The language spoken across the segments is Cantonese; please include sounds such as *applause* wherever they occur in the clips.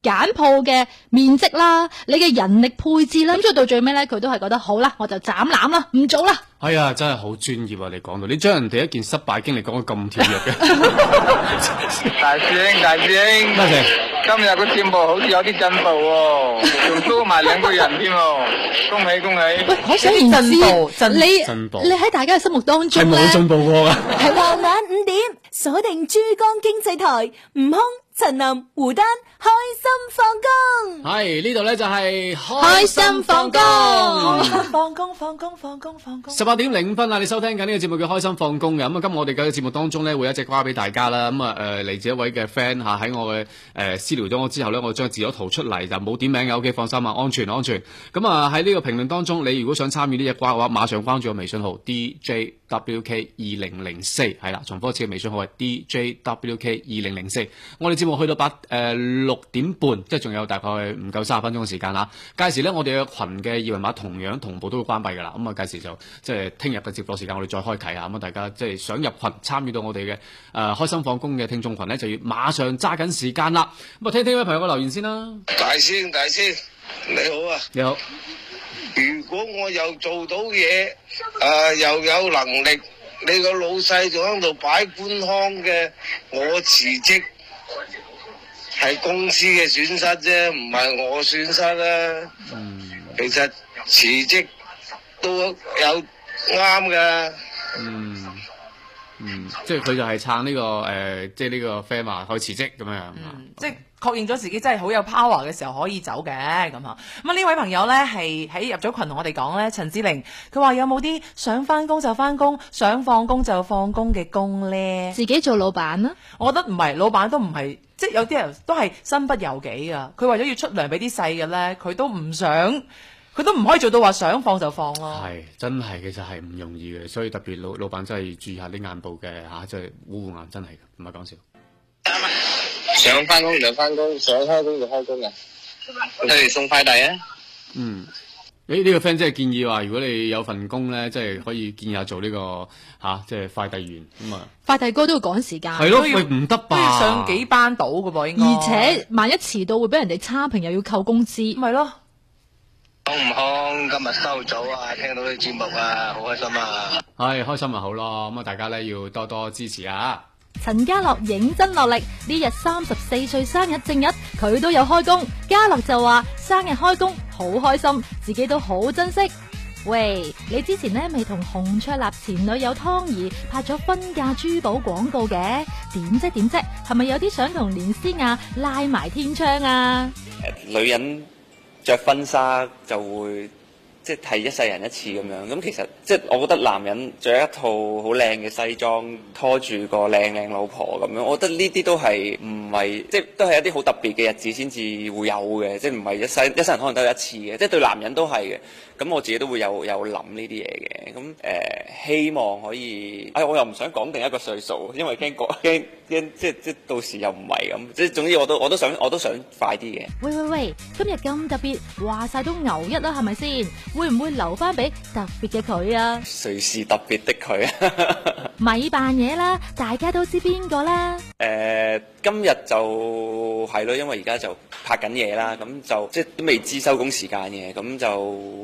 簡鋪嘅面積啦，你嘅人力配置啦，咁所以到最尾咧，佢都係覺得好啦，我就斬攬啦，唔做啦。哎呀，真係好專業啊！你講到，你將人哋一件失敗經歷講得咁貼切嘅。大師兄大師兄，阿晴，今日個戰報，好似有啲進步喎，仲多埋兩個人添，恭喜恭喜。喂，我想問下你，你喺大家嘅心目當中咧，係冇進步過噶。係傍晚五點，鎖定珠江經濟台，悟空。陳林胡丹開心放工，係呢度呢就係開,開心放工，開心放工放工放工放工，十八點零五分啦！你收聽緊呢個節目叫開心放工嘅咁啊！今日我哋嘅節目當中呢會有一隻瓜俾大家啦，咁啊誒嚟自一位嘅 friend 吓喺我嘅誒、呃、私聊咗我之後呢，我將截咗圖出嚟就冇點名嘅，OK，放心啊，安全安全。咁啊喺呢個評論當中，你如果想參與呢隻瓜嘅話，馬上關注我微信號 D J W K 二零零四，係啦，重複一次嘅微信號係 D J W K 二零零四，我哋我去到八誒六點半，即係仲有大概唔夠三十分鐘嘅時間啦。屆時咧，我哋嘅群嘅二維碼同樣同步都會關閉噶啦。咁、嗯、啊，屆時就即係聽日嘅直播時間，我哋再開啟啊。咁、嗯、啊，大家即係想入群參與到我哋嘅誒開心放工嘅聽眾群咧，就要馬上揸緊時間啦。咁、嗯、啊，聽聽位朋友嘅留言先啦。大師兄，大師兄，你好啊。你好。如果我又做到嘢誒、呃，又有能力，你個老細仲喺度擺官腔嘅，我辭職。係公司嘅損失啫，唔係我損失啦。嗯，其實辭職都有啱嘅。嗯。嗯，即係佢就係撐呢個誒、呃，即係呢個 firm 啊，可以辭職咁樣樣，嗯 okay. 即係確認咗自己真係好有 power 嘅時候，可以走嘅咁啊。咁呢位朋友呢，係喺入咗群同我哋講呢，陳志玲，佢話有冇啲想返工就返工，想放工就放工嘅工呢？自己做老闆啊？我覺得唔係，老闆都唔係，即係有啲人都係身不由己啊。佢為咗要出糧俾啲細嘅呢，佢都唔想。佢都唔可以做到話想放就放咯，啊，係真係其實係唔容易嘅，所以特別老老闆真係注意下啲眼部嘅吓，即係護眼真係唔係講笑。想翻工就翻工，想開工就開工啊！我哋送快遞啊！嗯，誒、欸、呢、這個 friend 即係建議話，如果你有份工咧，即係可以建議下做呢、這個吓、啊，即係快遞員咁啊、嗯！快遞哥都要趕時間，係咯，唔得吧？都要上幾班倒噶噃，應該，而且萬一遲到會俾人哋差評，又要扣工資，咪、就、咯、是。好唔好？今日收早啊！聽到啲節目啊，好開心啊！係、哎、開心咪好咯，咁啊，大家咧要多多支持啊！陳家樂認真落力，呢日三十四歲生日正日，佢都有開工。家樂就話生日開工好開心，自己都好珍惜。喂，你之前呢，未同洪卓立前女友湯儀拍咗婚嫁珠寶廣告嘅？點啫點啫，係咪有啲想同連詩雅拉埋天窗啊？誒、呃，女人。著婚紗就會即係一世人一次咁樣，咁其實即係我覺得男人着一套好靚嘅西裝，拖住個靚靚老婆咁樣，我覺得呢啲都係唔係即係都係一啲好特別嘅日子先至會有嘅，即係唔係一世一世人可能得一次嘅，即係對男人都係嘅。咁我自己都會有有諗呢啲嘢嘅。咁誒，希望可以，哎，我又唔想講定一個歲數，因為驚講驚驚，即係即係到時又唔係咁。即係總之我都我都想我都想快啲嘅。喂喂喂，今日咁特別，話晒都牛一啦，係咪先？會唔會留翻俾特別嘅佢啊？誰是特別嘅佢啊！咪扮嘢啦，大家都知邊個啦。誒、呃，今日就係咯，因為而家就在拍緊嘢啦，咁就即係都未知收工時間嘅，咁就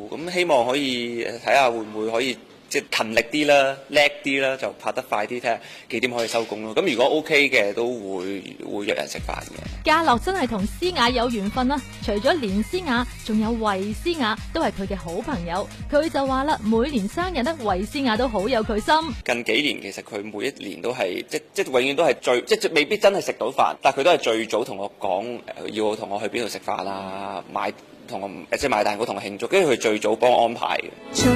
咁希望可以睇下會唔會可以。即係勤力啲啦，叻啲啦，就拍得快啲，睇下幾點可以收工咯。咁如果 OK 嘅，都會會約人食飯嘅。嘉樂真係同詩雅有緣分啦，啊。除咗連詩雅，仲有維詩雅，都係佢嘅好朋友。佢就話啦，每年生日咧，維詩雅都好有佢心。近幾年其實佢每一年都係即即永遠都係最即未必真係食到飯，但佢都係最早同我講要同我，我去邊度食飯啦，啊，買同我即係買蛋糕同我慶祝，跟住佢最早幫我安排。做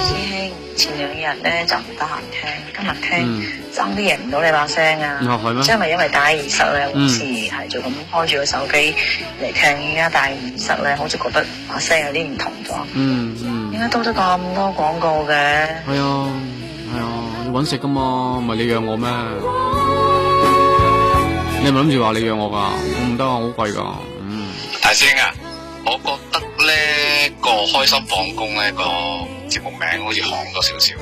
師兄，前兩日咧就唔得閒聽，今日聽爭啲贏唔到你把聲啊！又係咩？即係咪因為戴耳塞咧？好似係做咁，開住個手機嚟聽，而家戴耳塞咧，好似覺得把聲有啲唔同咗。嗯，這而點解、嗯嗯、多咗咁多廣告嘅？係啊，係啊，要搵食噶嘛，唔係你養我咩？你係咪諗住話你養我噶？唔得啊，好貴噶。嗯，大師兄啊，我覺得咧、呢個開心放工咧個。節目名好似巷咗少少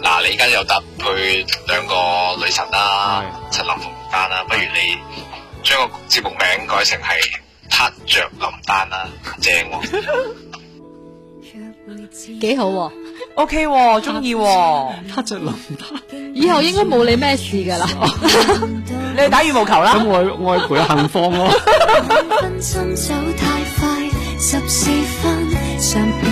嗱，你而家又搭配兩個女神啦、啊啊，陳林同丹啦、啊，不如你將個節目名改成係撻着林丹啦，正喎，幾好喎，OK 喎，中意喎，撻著林丹，啊啊 *laughs* 啊 okay 啊啊、 *laughs* 以後應該冇你咩事噶啦， *laughs* 你去打羽毛球啦，咁我我係陪行放喎。 *laughs* *laughs*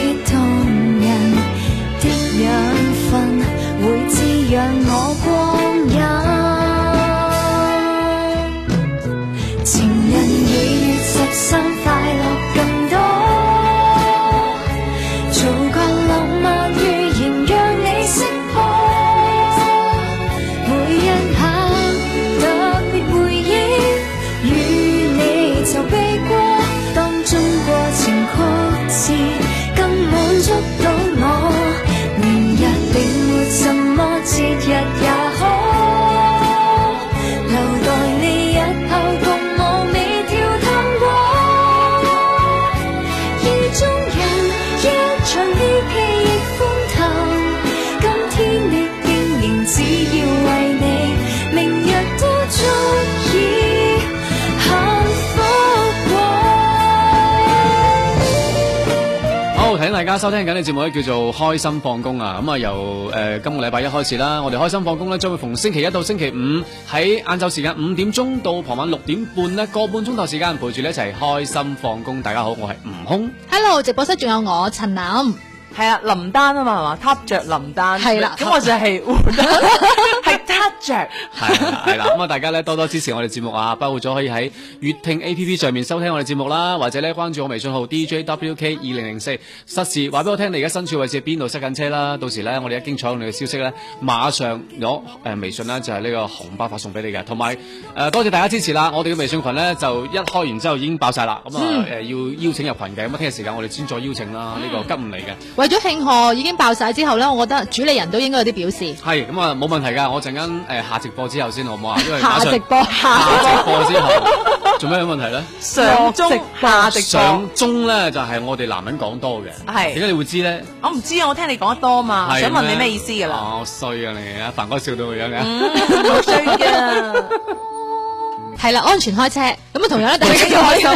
大家收聽緊嘅節目咧，叫做開心放工啊！咁啊、嗯，由誒、呃、今個禮拜一開始啦，我哋開心放工咧，將會逢星期一到星期五喺晏晝時間五點鐘到傍晚六點半，呢個半鐘頭時間陪住你一齊開心放工。大家好，我係悟空。Hello，直播室仲有我陳楠。陳係啊，林丹啊嘛，係嘛，touch 着林丹係啦，咁、啊、我就係係 touch 着係係啦，咁 *laughs* *laughs* 啊，啊，啊大家咧多多支持我哋節目啊，包括咗可以喺粵聽 A P P 上面收聽我哋節目啦，或者咧關注我微信號 D J W K 二零零四，實時話俾我聽你而家身處位置邊度塞緊車啦，到時咧我哋一經採用你嘅消息咧，馬上攞誒、哦呃、微信啦就係、是、呢個紅包發送俾你嘅，同埋誒多謝大家支持啦，我哋嘅微信群咧就一開完之後已經爆晒啦，咁啊誒要邀請入群嘅，咁啊聽日時間我哋先再邀請啦，呢、嗯這個急唔嚟嘅。為咗慶賀已經爆曬之後咧，我覺得主理人都應該有啲表示。係咁啊，冇問題噶，我陣間誒下直播之後先好唔好啊？因為假假 *laughs* 下直播下直播之後 *laughs* 做咩有問題咧？上中下直上中咧就係我哋男人講多嘅，係點解你會知咧？我唔知啊，我聽你講得多嘛，想問你咩意思噶啦？好衰啊你啊，凡哥笑到個樣嘅，好衰啊！ *laughs* 係啦，安全開車咁、這、啊、個，同樣咧，大家開心，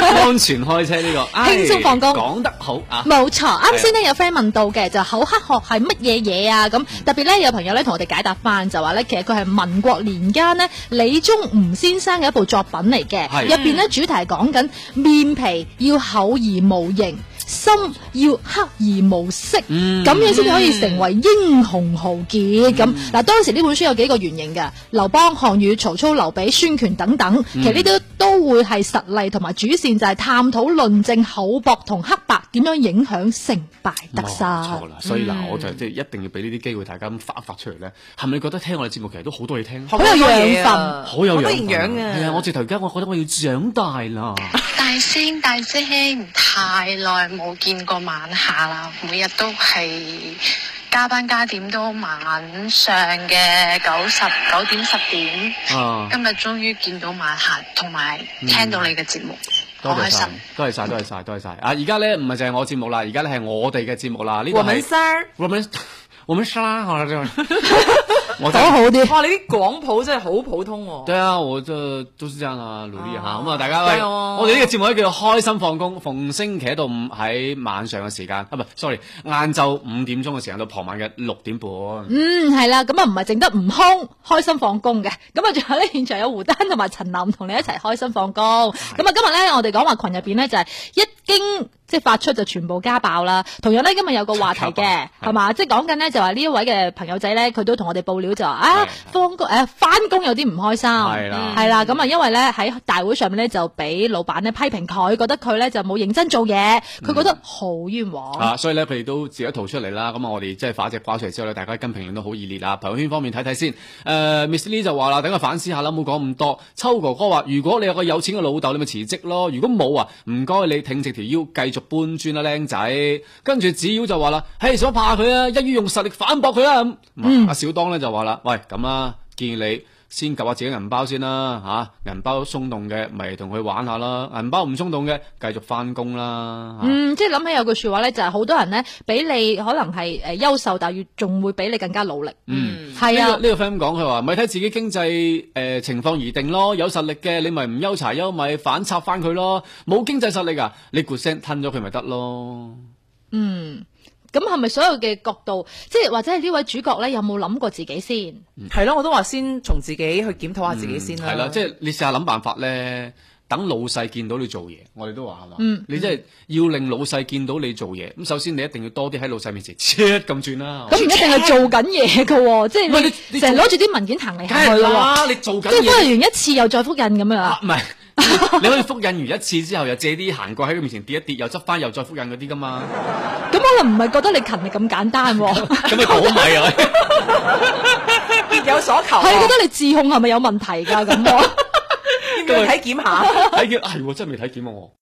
安全開車呢個輕鬆放工，講 *music* 得好啊，冇錯。啱先呢， *music* 有 friend 問到嘅就是，厚黑學係乜嘢嘢啊？咁 *music* 特別咧有朋友咧同我哋解答翻，就話咧其實佢係民國年間呢李宗吾先生嘅一部作品嚟嘅，入邊咧主題係講緊面皮要厚而無形，心要黑而無色，咁、嗯、樣先至可以成為英雄豪傑。咁、嗯、嗱，當時呢本書有幾個原型嘅，劉邦、項羽、曹操、劉備、孫權等等，其實呢啲都會係實例同埋主線就，就係探討論證厚薄同黑白。點樣影響成敗得失？錯啦，所以嗱，嗯、我就即係一定要俾呢啲機會大家發一發出嚟咧。係咪覺得聽我哋節目其實都好多嘢聽？好有養分啊！好有養分啊！係啊！我直頭而家我覺得我要長大啦！大聲大聲！太耐冇見過晚霞啦，每日都係加班加點都晚上嘅九十九點十點。啊、今日終於見到晚霞，同埋聽到你嘅節目。嗯多謝晒，多謝晒，多謝晒，多謝晒，啊！而家咧唔係淨係我節目啦，而家咧係我哋嘅節目啦。呢個係。我們 *laughs* *laughs* 講、就是、好啲，哇！你啲廣普真係好普通，啊 *laughs* 對啊啊。對啊，我就都係咁啊，努力下。咁啊，大家我哋呢個節目咧叫做開心放工，逢星期一到五喺晚上嘅時間，啊，唔係，sorry，晏晝五點鐘嘅時間到傍晚嘅六點半。嗯，係啦，咁啊唔係淨得悟空，開心放工嘅。咁啊，仲有咧現場有胡丹同埋陳林同你一齊開心放工。咁啊，今日咧我哋講話群入邊咧就係、是、一經。即係發出就全部加爆啦，同樣呢，今日有個話題嘅係咪，即係講緊呢，就話呢一位嘅朋友仔呢，佢都同我哋報料就話啊，放工誒翻工有啲唔開心，係啦，咁、嗯、啊因為呢，喺大會上面呢，就俾老闆呢批評佢，覺得佢呢就冇認真做嘢，佢、嗯、覺得好冤枉，吓、啊，所以呢，佢哋都自己逃出嚟啦，咁啊我哋即係發隻瓜出嚟之後呢，大家跟評論都好熱烈啊，朋友圈方面睇睇先，誒、呃、Miss Lee 就話啦，等佢反思下啦，冇講咁多，秋哥哥話如果你有個有錢嘅老豆，你咪辭職咯，如果冇啊，唔該你挺直條腰繼。搬就搬磚啦，靚仔，跟住子妖就話啦，嘿、hey，想怕佢啊，一於用實力反駁佢啦咁。阿、嗯啊、小當咧就話啦，喂，咁建議你。先夾下自己銀包先啦，嚇、啊、銀包鬆動嘅，咪同佢玩下啦；銀包唔鬆動嘅，繼續翻工啦。嗯，即係諗起有句說話咧，就係、是、好多人咧，俾你可能係誒優秀，但係仲會比你更加努力。嗯、係、嗯、這個、啊。呢、這個 friend 講佢話，咪睇自己經濟、呃、情況而定咯。有實力嘅你咪唔憂柴憂米，咪反插翻佢咯。冇經濟實力啊，你 good 聲吞咗佢咪得咯。嗯。咁係咪所有嘅角度，即係或者係呢位主角咧，有冇諗過自己先？係、嗯、咯，我都話先從自己去檢討下自己先啦。係、嗯、啦，即係你試下諗辦法咧，等老細見到你做嘢，我哋都話係嘛，你即係要令老細見到你做嘢。咁首先你一定要多啲喺老細面前切咁轉啦。咁、嗯、唔、啊、一定係做緊嘢噶，即、啊、係、就是、你成日攞住啲文件行嚟行去啦。你做緊即係複印完一次又再複印咁樣？唔係，啊、 *laughs* 你可以複印完一次之後又借啲行棍喺佢面前跌一跌，又執翻又再複印嗰啲噶嘛。 *laughs* 我不能唔係覺得你勤力咁簡單，咁你講埋啊，別有所求。係 *laughs* *laughs* 覺得你自控係咪有問題噶、啊？咁 *laughs* 喎樣、啊， *laughs* 要唔要體檢下？體檢係真係未體檢